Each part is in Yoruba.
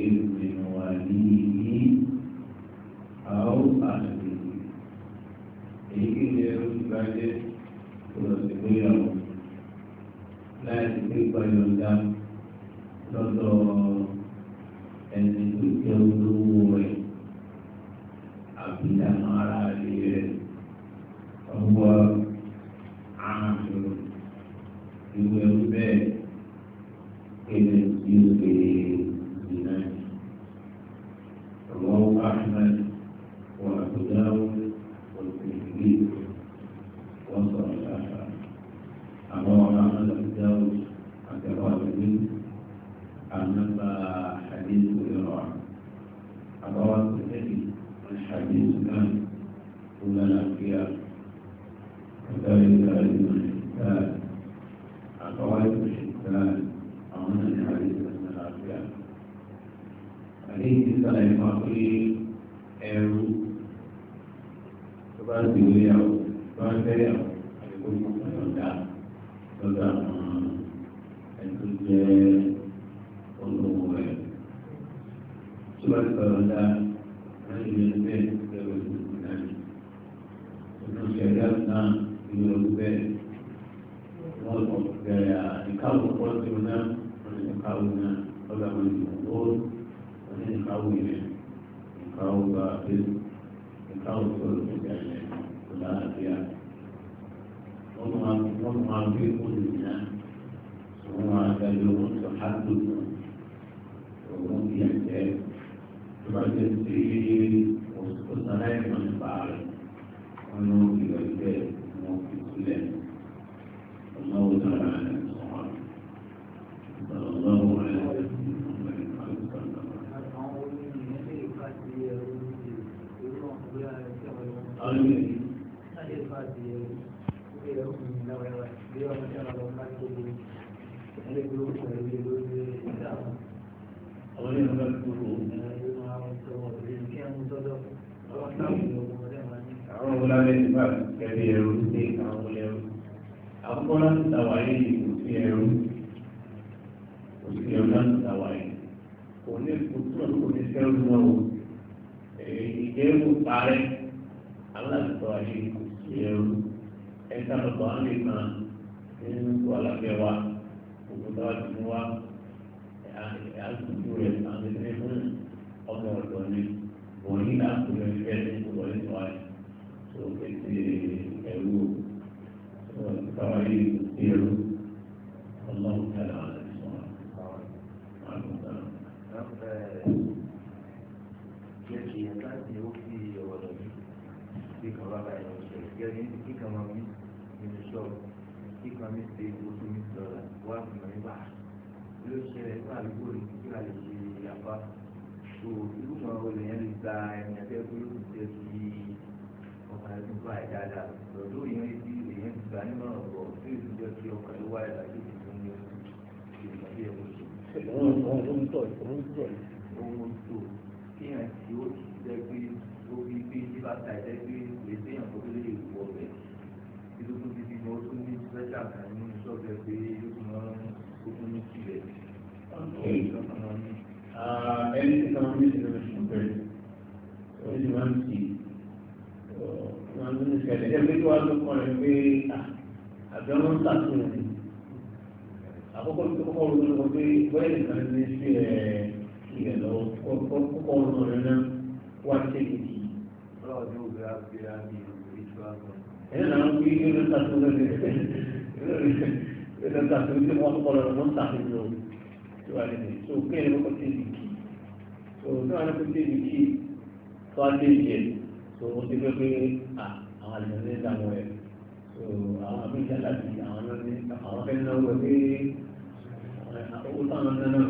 خير من وليه أو أهله èyí ni ẹrú ìgbàdé lọ sí ìgbéyàwó láì sí pé gbàyọ̀dá lọ́dọ̀ ẹni tó jẹ́ olówó rẹ̀ àbíyànà ara rẹ̀ ọwọ́ ààrùn ìwé ẹrú أحمد وأبو داود والترمذي وصححه أبو أحمد أبو داود الترمذي أنما حديث إيران أبو الترمذي الحديث كان كل الأنبياء كذلك أيضا الحسان أقوال الحسان أمن الحديث من الأنبياء àdéhùn ti sàlàyé fún wa pé ẹrú tó bá ń ti wé yàwó tó bá ń fẹ́ yàwó àdéhùn ti sàlàyé ọ̀dà lọ́dọ̀ àwọn ẹ̀tọ́ jẹ́ olówó rẹ̀ tó bá ti sọ̀rọ̀ ọ̀dà láti lè bẹ́ẹ̀ lọ́wọ́ ìlú náà nínú ìṣẹ̀lẹ̀ náà ìlú ọ̀gbẹ́ wọn lọ bẹ̀rẹ̀ àdìkáwò pọ̀ sí wọn náà wọn lè káwò náà lọ́dọ̀ àwọn ìlú ọ̀gbọ́n wani kawo ne kawo ba bin kawo sọ̀rọ̀ tó ga ilẹ̀ kò láàbíà wọn máa gbé kóòlù náà wọn máa dájú wọn sọ hádùn náà wọn bí ẹ̀jẹ̀ tó bá jẹ sí ọ̀sán láì mọ̀ nípa rẹ̀ wọn ló ń gbìyànjú bẹ́ẹ̀. àwọn ọmọláwé ti bá kẹrí ẹrú sí àwọn ọmọlẹ́rú àkọ́kọ́ láti tàwáyé kò sí ẹrú kò sí ẹrú láti tàwáyé kò ní kòtò kò ní sẹ́rù náà o ìjẹ́ kò parẹ́ àwọn láti tàwáyé kò sí ẹrú ẹ̀ka lọ́kọ̀ àwọn lè kàn nínú kó alábẹ́ wa. ìrú ọlọ́run tẹ̀lé àlẹ́ sọ́nà àwọn ọ̀gá. Jẹ́ kí ẹ̀ka ti ó fi ọ̀rọ̀ lọ sí bí kan bá bá ẹ̀rọ ṣe gẹ́gẹ́ ní kí kan máa mí nínú ṣọ́ọ̀bù kí kan mí ṣe oṣù mí lọ́la wá fún mi bá ló ṣẹlẹ̀ fún àdúgbò rẹ̀ kí a lè ṣe àpá. So irú kan olè yẹn lè gba ẹni ẹgbẹ́ pé ó ti jẹ́ kí ọkàn ẹ̀sìn fún àìdáadáa lọ́dún yẹn ti èèyàn ti gbà nímọ̀ràn bọ̀ lọ pẹ̀lú wa ẹ̀dá yìí tó ń lọ sí ìgbà bí ẹ̀wọ̀n sí. òun òun tọ̀ òun tọ̀ òun tó tí ó ti jẹ́ pé ó rí pé nípa ta ẹ̀jẹ̀ pé lè séèyàn tó lè wọ̀ bẹ̀. ìdókòwò ti fi mọ tó ní special kan nínú sọ́ọ̀bẹ̀ pé ó tún mọ ó tún ní tìlẹ̀. ẹni tí káwọn ní ìṣẹ̀lẹ̀ oṣù bẹ̀rẹ̀ ó sì máa ń tì wọ́n ń ṣẹlẹ̀ ẹgbẹ́ tó wá ló kọ́ ẹ pé àbí ọmọ ń sàtúnyẹ̀ ní. àkọ́kọ́ tó kọ́kọ́ ronú lọ pé bóyá nìkan ní sí ẹ̀ ilẹ̀ lọ kọ́kọ́ ronú rẹ̀ náà wá ṣe ìdí. ẹ̀yìn náà ń gbé ẹ̀rọ sàtúnyẹ̀ ní ẹ̀rọ sàtúnyẹ̀ ní wọ́n kọ́kọ́ lọ wọ́n sàtúnyẹ̀ lọ tó wà lẹ́nu tó kéèrè kọ́kọ́ ṣe ìdí kì tó tó wà lẹ́nu ṣe ìdí kì tó wà lẹ́nu ṣe ìdí tó wọ́n ti fẹ́ pé àwọn àlùmọ́ ìjà láti àwọn lọ́dẹ àwọn fẹ́ náwó ẹ̀ pé owó táwọn náà náà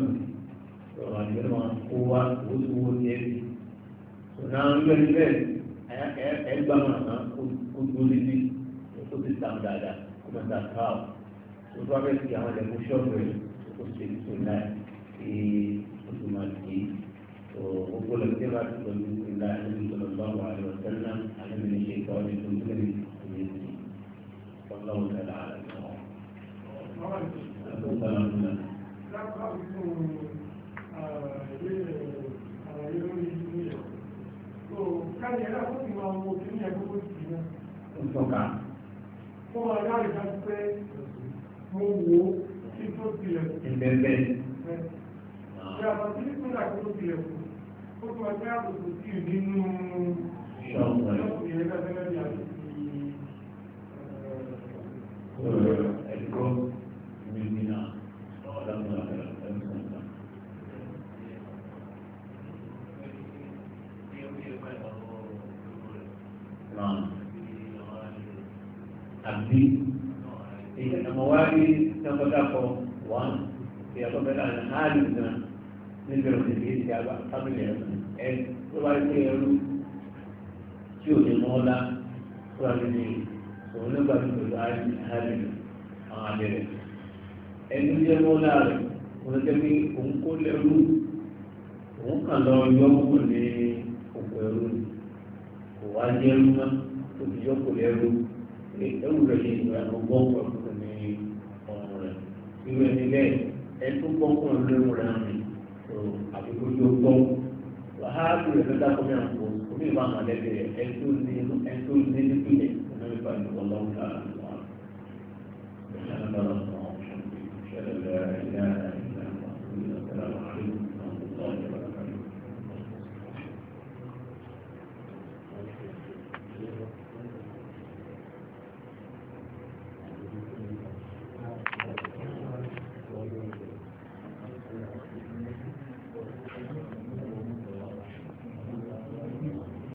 lọ́wọ́ àjọ náà kó wá owó tó wó ní ẹ̀rí. ọ̀nà àwọn lọ́dẹ bẹ́ẹ̀ ẹ̀ gbà wọn àná kó tó lé sí kó ti tà dáadáa kó máa tà káà tó bá ìtọ́ka. ó máa dá pé mo wo kí tó tilẹ̀ kù. ìbẹ̀bẹ̀. ṣé àbàtí ní kúndà kí tó tilẹ̀ kù ó tún ọjọ́ àbùkù sí nínú ìṣọ̀kan. àbí ìyàtọ̀mọ̀wárí tẹ́kọ̀dàpọ̀ wọn ìyàtọ̀mọ̀lá àlù náà níbi ọ̀sẹ̀ bíi ti àgbà fámìlì ẹ̀rọ ẹ tó bá rí pé ẹrú tí ò ní mọ́ ọ́lá tó wà nínú òun nígbà tó pẹ̀lú àlù àwọn àlẹ́ rẹ̀ ẹni jẹ́ mọ́ ọ́lá rẹ̀ wọ́n jẹ́ pé òun kó lẹ́rú òun kàn lọ yọ kó ní òkú ẹrú kò wá jẹ́ ẹrú mọ́ tó yọ kó lẹ́rú ewu rẹ̀ lè gbà ló gbọ́ pẹ̀lú ní ọ̀rọ̀ rẹ̀ irú ẹni bẹ́ẹ̀ ẹtú gbọ́kùn lórí rẹ̀ àmì tó àbíkójú gbọ́ wàhálà rẹ̀ lọ́dà kọ́mí àpò